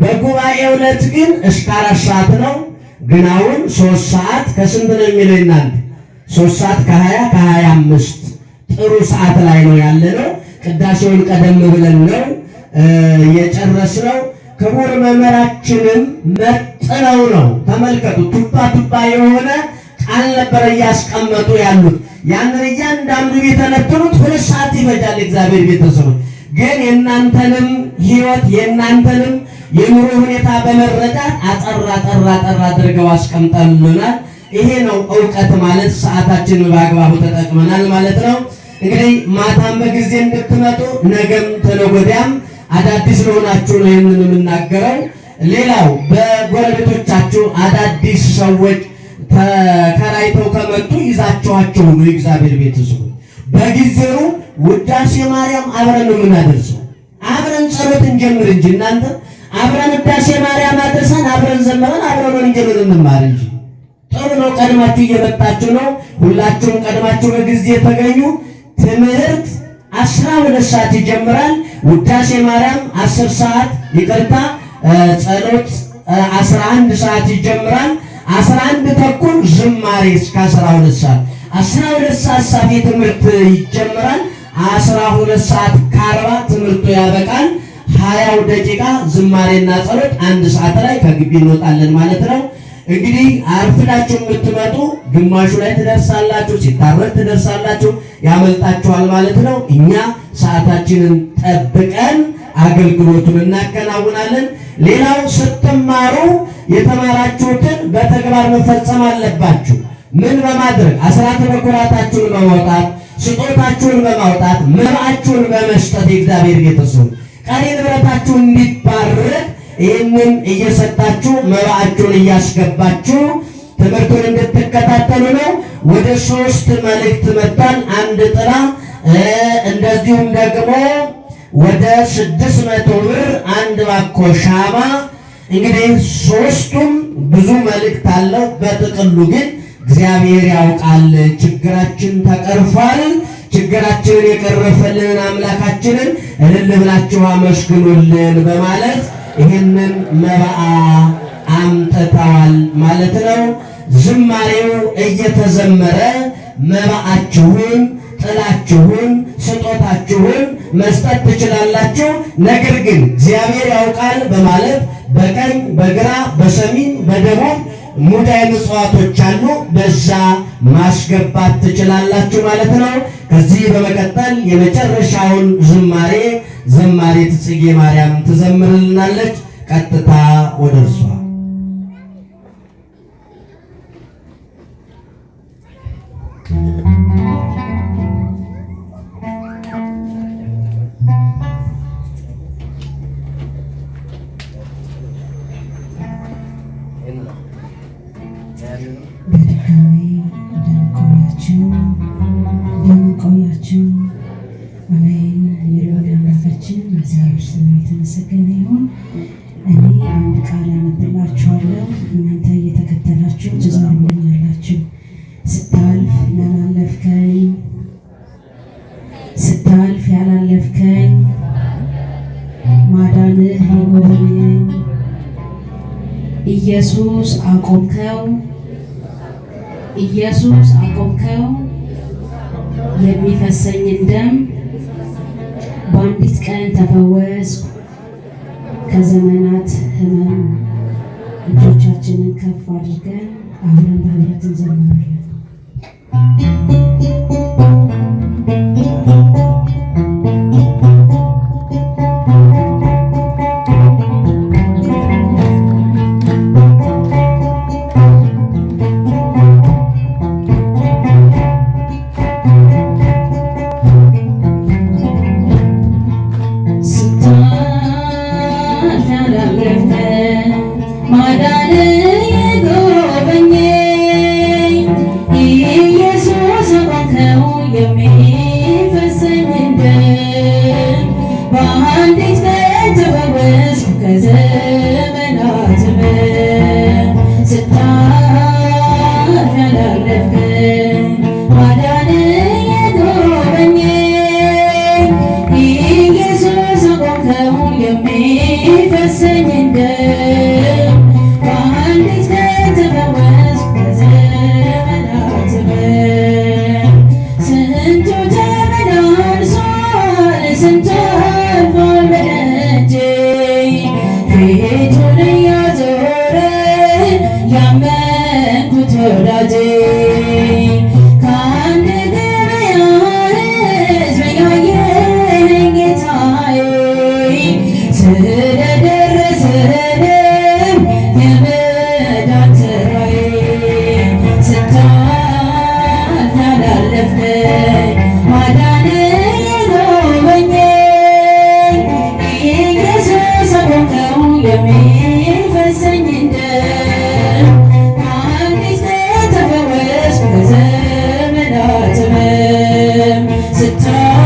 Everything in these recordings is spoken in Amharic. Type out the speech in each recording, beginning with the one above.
በጉባኤ ዕለት ግን እስከ አራት ሰዓት ነው። ግን አሁን ሶስት ሰዓት ከስንት ነው የሚለው እናንተ? ሶስት ሰዓት ከሀያ ከሀያ አምስት ጥሩ ሰዓት ላይ ነው ያለ ነው። ቅዳሴውን ቀደም ብለን ነው የጨረስነው። ክቡር መምህራችንም መጥነው ነው ተመልከቱ። ቱባ ቱባ የሆነ ቃል ነበረ እያስቀመጡ ያሉት። ያንን እያንዳንዱ ቤተነትኑት ሁለት ሰዓት ይፈጃል። እግዚአብሔር ቤተሰቦች ግን የእናንተንም ህይወት የእናንተንም የኑሮ ሁኔታ በመረዳት አጠር አጠር አጠር አድርገው አስቀምጠሉናል። ይሄ ነው እውቀት ማለት። ሰዓታችንን በአግባቡ ተጠቅመናል ማለት ነው። እንግዲህ ማታም በጊዜ እንድትመጡ ነገም ተነጎዳያም አዳዲስ ለሆናችሁ ነው ይህንን የምናገረው። ሌላው በጎረቤቶቻችሁ አዳዲስ ሰዎች ተከራይተው ከመጡ ይዛችኋቸው ነው የእግዚአብሔር ቤት በጊዜው ውዳሴ ማርያም አብረን ነው የምናደርሰው። አብረን ጸሎት እንጀምር እንጂ እናንተ አብረን ውዳሴ ማርያም አድርሰን አብረን ዘመረን አብረን ነው እንጀምር እንማር እንጂ። ጥሩ ነው። ቀድማችሁ እየመጣችሁ ነው። ሁላችሁም ቀድማችሁ በጊዜ ተገኙ። ትምህርት አስራ ሁለት ሰዓት ይጀምራል። ውዳሴ ማርያም አስር ሰዓት ይቅርታ፣ ጸሎት አስራ አንድ ሰዓት ይጀምራል። አስራ አንድ ተኩል ዝማሬ እስከ አስራ ሁለት ሰዓት አስራ ሁለት ሰዓት ሰፊ ትምህርት ይጀምራል። አስራ ሁለት ሰዓት ከአርባ ትምህርቱ ያበቃል። ሀያው ደቂቃ ዝማሬና ጸሎት አንድ ሰዓት ላይ ከግቢ እንወጣለን ማለት ነው። እንግዲህ አርፍዳችሁ የምትመጡ ግማሹ ላይ ትደርሳላችሁ፣ ሲታረቅ ትደርሳላችሁ፣ ያመልጣችኋል ማለት ነው። እኛ ሰዓታችንን ጠብቀን አገልግሎቱን እናከናውናለን። ሌላው ስትማሩ የተማራችሁትን በተግባር መፈጸም አለባችሁ። ምን በማድረግ አስራት በኩራታችሁን በማውጣት ስጦታችሁን በማውጣት መባችሁን በመስጠት የእግዚአብሔር ቤተሰብ ቀሪ ንብረታችሁን እንዲባረክ ይህንን እየሰጣችሁ መባችሁን እያስገባችሁ ትምህርቱን እንድትከታተሉ ነው። ወደ ሶስት መልእክት መጣን። አንድ ጥላ እንደዚሁም ደግሞ ወደ ስድስት መቶ ብር አንድ ባኮ ሻማ። እንግዲህ ሶስቱም ብዙ መልእክት አለው። በጥቅሉ ግን እግዚአብሔር ያውቃል። ችግራችን ተቀርፏል። ችግራችንን የቀረፈልን አምላካችንን እልል ብላችሁ አመስግኑልን በማለት ይህንን መባአ አምጥተዋል ማለት ነው። ዝማሬው እየተዘመረ መባአችሁን፣ ጥላችሁን፣ ስጦታችሁን መስጠት ትችላላችሁ። ነገር ግን እግዚአብሔር ያውቃል በማለት በቀኝ በግራ በሰሜን በደቡብ ሙዳይ ምጽዋቶች አሉ። በዛ ማስገባት ትችላላችሁ ማለት ነው። ከዚህ በመቀጠል የመጨረሻውን ዝማሬ ዝማሬ ትጽጌ ማርያም ትዘምርልናለች። ቀጥታ ወደ እርሷ ኢየሱስ አቆምከው፣ ኢየሱስ አቆምከው። የሚፈሰኝን ደም በአንዲት ቀን ተፈወስኩ ከዘመናት ሕመም። እጆቻችንን ከፍ አድርገን አብረን በህብረት እንዘምራለን። to die.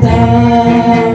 time.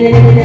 yeah.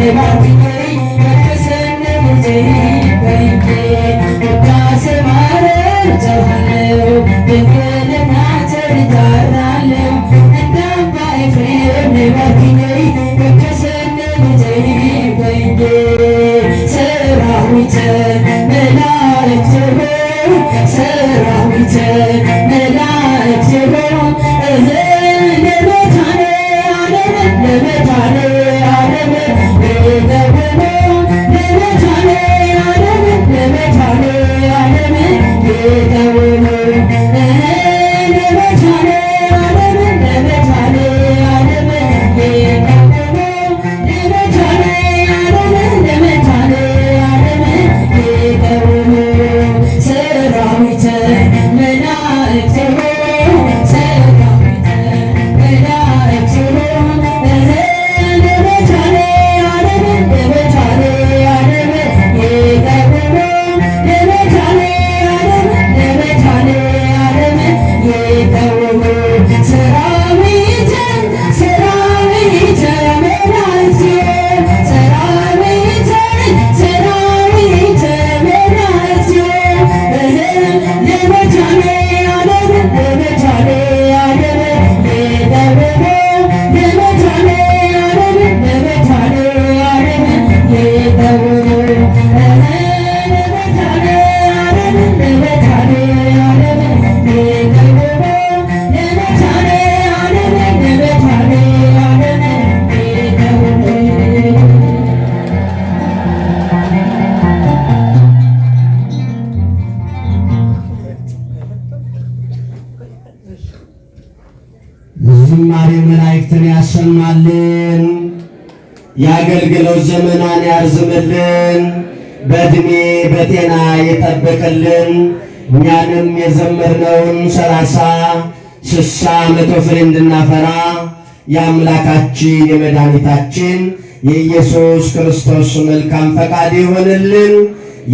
Yeah. ያርዝምልን፣ በእድሜ በጤና ይጠብቅልን። እኛንም የዘመርነውን ሰላሳ ስሳ መቶ ፍሬ እንድናፈራ የአምላካችን የመድኃኒታችን የኢየሱስ ክርስቶስ መልካም ፈቃድ ይሆንልን።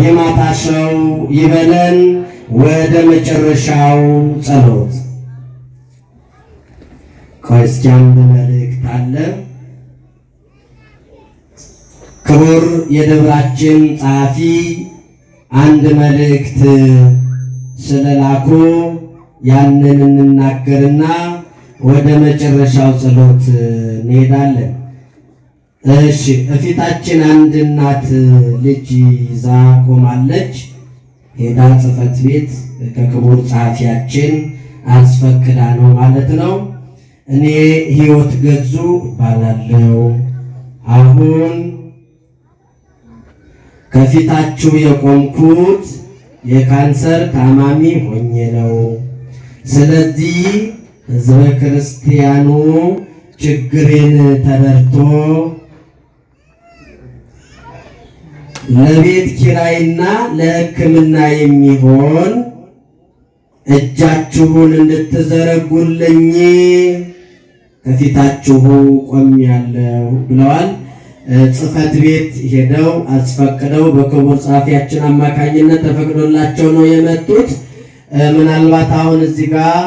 የማታ ሰው ይበለን። ወደ መጨረሻው ጸሎት ክርስቲያን በመልእክት አለ። ክቡር የደብራችን ጸሐፊ አንድ መልእክት ስለላኩ ያንን እንናገርና ወደ መጨረሻው ጸሎት እንሄዳለን። እሺ፣ እፊታችን አንድ እናት ልጅ ይዛ ቆማለች። ሄዳ ጽሕፈት ቤት ከክቡር ጸሐፊያችን አስፈቅዳ ነው ማለት ነው። እኔ ህይወት ገዙ እባላለሁ አሁን ከፊታችሁ የቆምኩት የካንሰር ታማሚ ሆኜ ነው። ስለዚህ ሕዝበ ክርስቲያኑ ችግሬን ተረድቶ ለቤት ኪራይና ለሕክምና የሚሆን እጃችሁን እንድትዘረጉልኝ ከፊታችሁ ቆሜያለሁ ብለዋል። ጽፈት ቤት ሄደው አስፈቅደው በክቡር ጸሐፊያችን አማካኝነት ተፈቅዶላቸው ነው የመጡት። ምናልባት አሁን እዚህ ጋር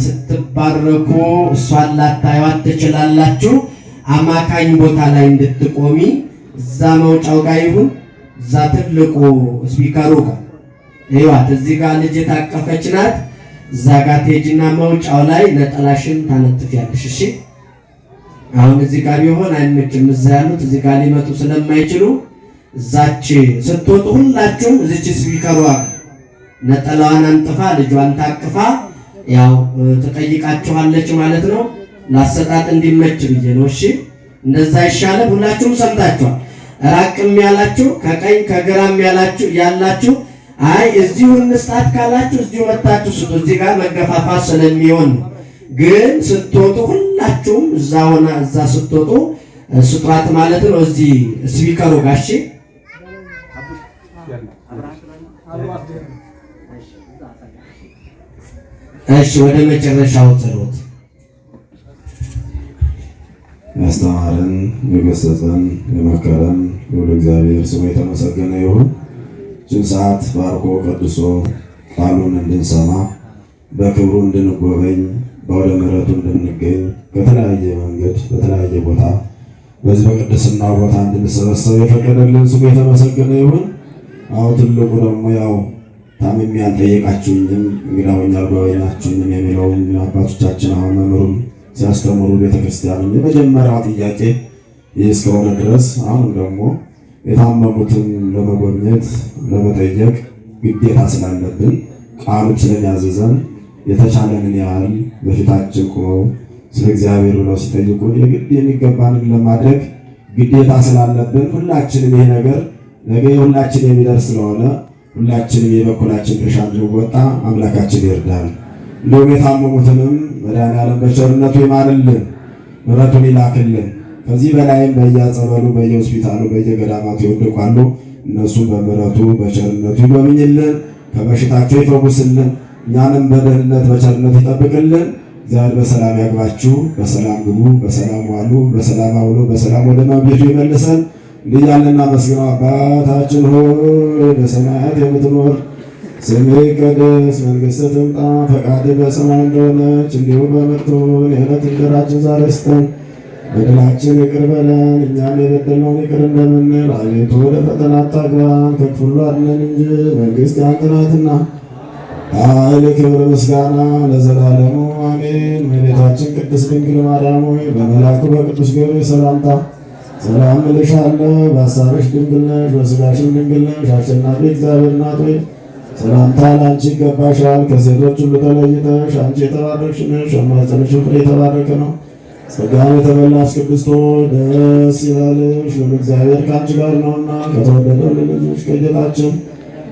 ስትባረኩ እሷን ላታዩት ትችላላችሁ። አማካኝ ቦታ ላይ እንድትቆሚ እዛ መውጫው ጋር ይሁን እዛ ትልቁ ስፒከሩ ጋር ይዋት። እዚህ ጋር ልጅ የታቀፈች ናት። እዛ ጋር ቴጅና መውጫው ላይ ነጠላሽን ታነጥፊያለሽ። እሺ አሁን እዚህ ጋር ቢሆን አይመችም። እዛ ያሉት እዚህ ጋር ሊመጡ ስለማይችሉ እዛች ስትወጡ ሁላችሁም እዚች ስፒከሯ ነጠላዋን አንጥፋ ልጇን ታቅፋ ያው ትጠይቃችኋለች ማለት ነው። ላሰጣጥ እንዲመች ብዬ ነው። እሺ እንደዛ ይሻለ። ሁላችሁም ሰምታችኋል። ራቅም ያላችሁ ከቀኝ ከግራም ያላችሁ ያላችሁ አይ እዚሁ እንስጣት ካላችሁ እዚሁ መታችሁ ስጡ። እዚህ ጋር መገፋፋት ስለሚሆን ግን ስትወጡ ሁሉ ሁላችሁም እዛ ሆና እዛ ስትወጡ ስጥራት ማለት ነው። እዚህ ስፒከሩ ጋሼ እሺ፣ ወደ መጨረሻው ጸሎት ያስተማረን የገሰጸን የመከረን ወደ እግዚአብሔር ስሙ የተመሰገነ ይሁን። ችን ሰዓት ባርኮ ቀድሶ ቃሉን እንድንሰማ በክብሩ እንድንጎበኝ በወደ ምሕረቱ እንድንገኝ በተለያየ መንገድ በተለያየ ቦታ በዚህ በቅድስና ቦታ እንድንሰበሰብ የፈቀደልን ስሙ የተመሰገነ ይሁን። አሁ ትልቁ ደግሞ ያው ታምሜ አልጠየቃችሁኝም እንግዳ ሆኜ አልጎበኛችሁኝም የሚለውን አባቶቻችን አሁን መምህሩም ሲያስተምሩ ቤተክርስቲያን የመጀመሪያው ጥያቄ ይህ እስከሆነ ድረስ አሁን ደግሞ የታመሙትን ለመጎብኘት ለመጠየቅ ግዴታ ስላለብን ቃሉም ስለሚያዘዘን የተቻለንን ያህል በፊታችን ቁመው ስለ እግዚአብሔር ብለው ሲጠይቁን የግድ የሚገባንን ለማድረግ ግዴታ ስላለብን ሁላችንም ይሄ ነገር ነገ የሁላችን የሚደርስ ስለሆነ ሁላችንም የበኩላችን ድርሻ እንድንወጣ አምላካችን ይርዳል። እንዲሁም የታመሙትንም መድኃኔዓለም በቸርነቱ ይማርልን ምሕረቱን ይላክልን። ከዚህ በላይም በየጸበሉ በየሆስፒታሉ በየገዳማቱ ይወድቋሉ። እነሱም በምሕረቱ በቸርነቱ ይጎብኝልን፣ ከበሽታቸው ይፈውስልን፣ እኛንም በደህንነት በቸርነቱ ይጠብቅልን። ዛሬ በሰላም ያግባችሁ፣ በሰላም ግቡ፣ በሰላም ዋሉ፣ በሰላም አውሎ፣ በሰላም ወደ ማቤቱ ይመልሰን። እንዲህ ያለና መስግነው አባታችን ሆይ በሰማያት የምትኖር ስምህ ይቀደስ፣ መንግሥትህ ትምጣ፣ ፈቃድህ በሰማይ እንደሆነች እንዲሁ በምድር ይሁን። የዕለት እንጀራችንን ዛሬ ስጠን፣ በደላችንን ይቅር በለን እኛም የበደልነውን ይቅር እንደምንል፣ አቤቱ ወደ ፈተና አታግባን፣ ከክፉ አድነን እንጂ መንግሥት ያንተ ናትና ኃይል ክብር ምስጋና ለዘላለሙ አሜን። እመቤታችን ቅድስት ድንግል ማርያም ሆይ በመልአኩ በቅዱስ ገብርኤል ሰላምታ ሰላም እልሻለሁ፣ በሐሳብሽ ድንግል ነሽ፣ በሥጋሽም ድንግል ነሽ። አሸናፊ እግዚአብሔር እናት ሆይ ሰላምታ ለአንቺ ይገባሻል። ከሴቶች ሁሉ ተለይተሽ አንቺ የተባረክሽ ነሽ፣ የማኅፀንሽም ፍሬ የተባረከ ነው። ጸጋን የተመላሽ ቅድስት ሆይ ደስ ይበልሽ፣ እግዚአብሔር ከአንቺ ጋር ነውና ከተወደደው ልጅሽ ከጌታችን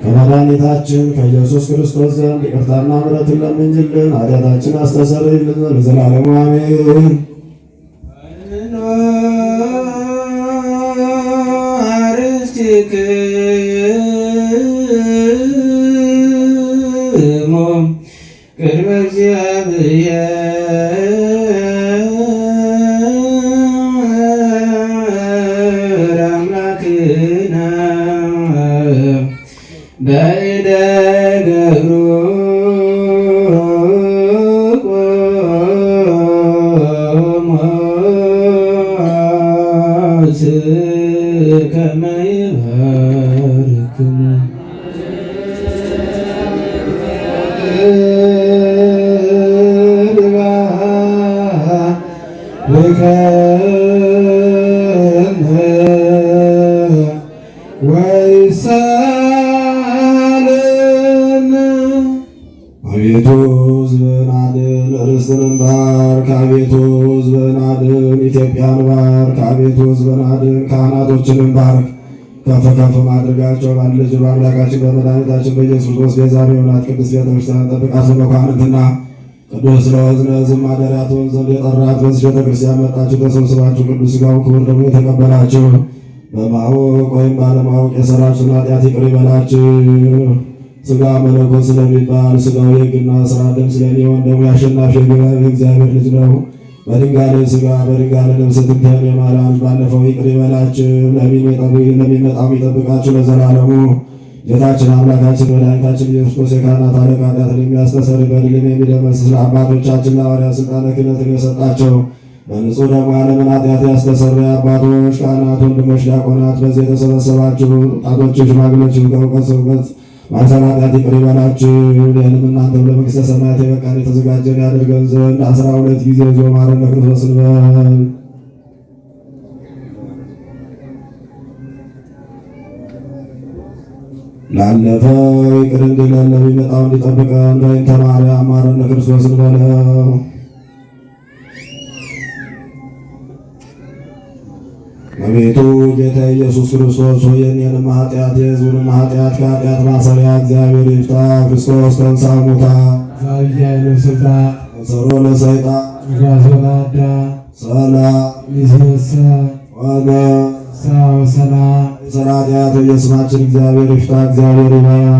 ከመድኃኒታችን ከኢየሱስ ክርስቶስ ዘንድ ይቅርታና ምሕረትን ለምኝልን ኃጢአታችን አስተሰርይልን ለዘላለሙ አሜን። አርስቲክ በጌታችን በመድኃኒታችን በኢየሱስ ክርስቶስ ቤዛዊ የሆናት ቅድስት ቤተክርስቲያን ስለ መኳንንትና ቅዱስ ለወዝነ ዝም ማደሪያት ዘንድ የጠራት በዚህ ቤተክርስቲያን መጣችሁ ተሰብስባችሁ ቅዱስ ሥጋውን ክቡር ደግሞ የተቀበላችሁ በማወቅ ወይም ባለማወቅ የሰራችሁን ኃጢአት ይቅር ይበላችሁ። ሥጋ መለኮት ስለሚባል ሥጋው የሕግና ሥራ ደም ስለሚሆን ደግሞ የአሸናፊ እግዚአብሔር ልጅ ነው። በድንጋሌ ሥጋ በድንጋሌ ነፍስ ትንተን የማርያም ባለፈው ይቅር ይበላችሁ። ለሚመጣው ይጠብቃችሁ ለዘላለሙ ጌታችን አምላካችን መድኃኒታችን ኢየሱስ ክርስቶስ የካህናት አለቃ ኃጢአትን የሚያስተሰርይ በደልን የሚደመስስ ለአባቶቻችን ሐዋርያት ስልጣነ ክህነትን የሰጣቸው በንጹሕ ደግሞ የዓለምን ኃጢአት ያስተሰረየ አባቶች፣ ካህናት፣ ወንድሞች፣ ዲያቆናት በዚህ የተሰበሰባችሁ ወጣቶች፣ ሽማግሎች ከእውቀት ሰውቀት ማንሳት ኃጢአት ይቅር ይበላችሁ። ይህንም እናንተም ለመንግሥተ ሰማያት የበቃን የተዘጋጀን ያደርገን ዘንድ አስራ ሁለት ጊዜ ዞ ማረነ ክርስቶስ ንበል ላለፈው ይቅር እንዲለን ለሚመጣው እንዲጠብቀን በይንተ ማርያም ማረነ ክርስቶስ እንበለው። አቤቱ ጌታ ኢየሱስ ክርስቶስ ሆይ የእኔንም ኃጢአት የሕዝቡንም ኃጢአት ከኃጢአት ማሰሪያ እግዚአብሔር ይፍታ። ክርስቶስ ተንሥአ እሙታን አሰሮ ለሰይጣን ጋሶላዳ ሰላ ሚስሳ ዋጋ ሰማያት የስማችን እግዚአብሔር ይፍታ። እግዚአብሔር ይባርክ።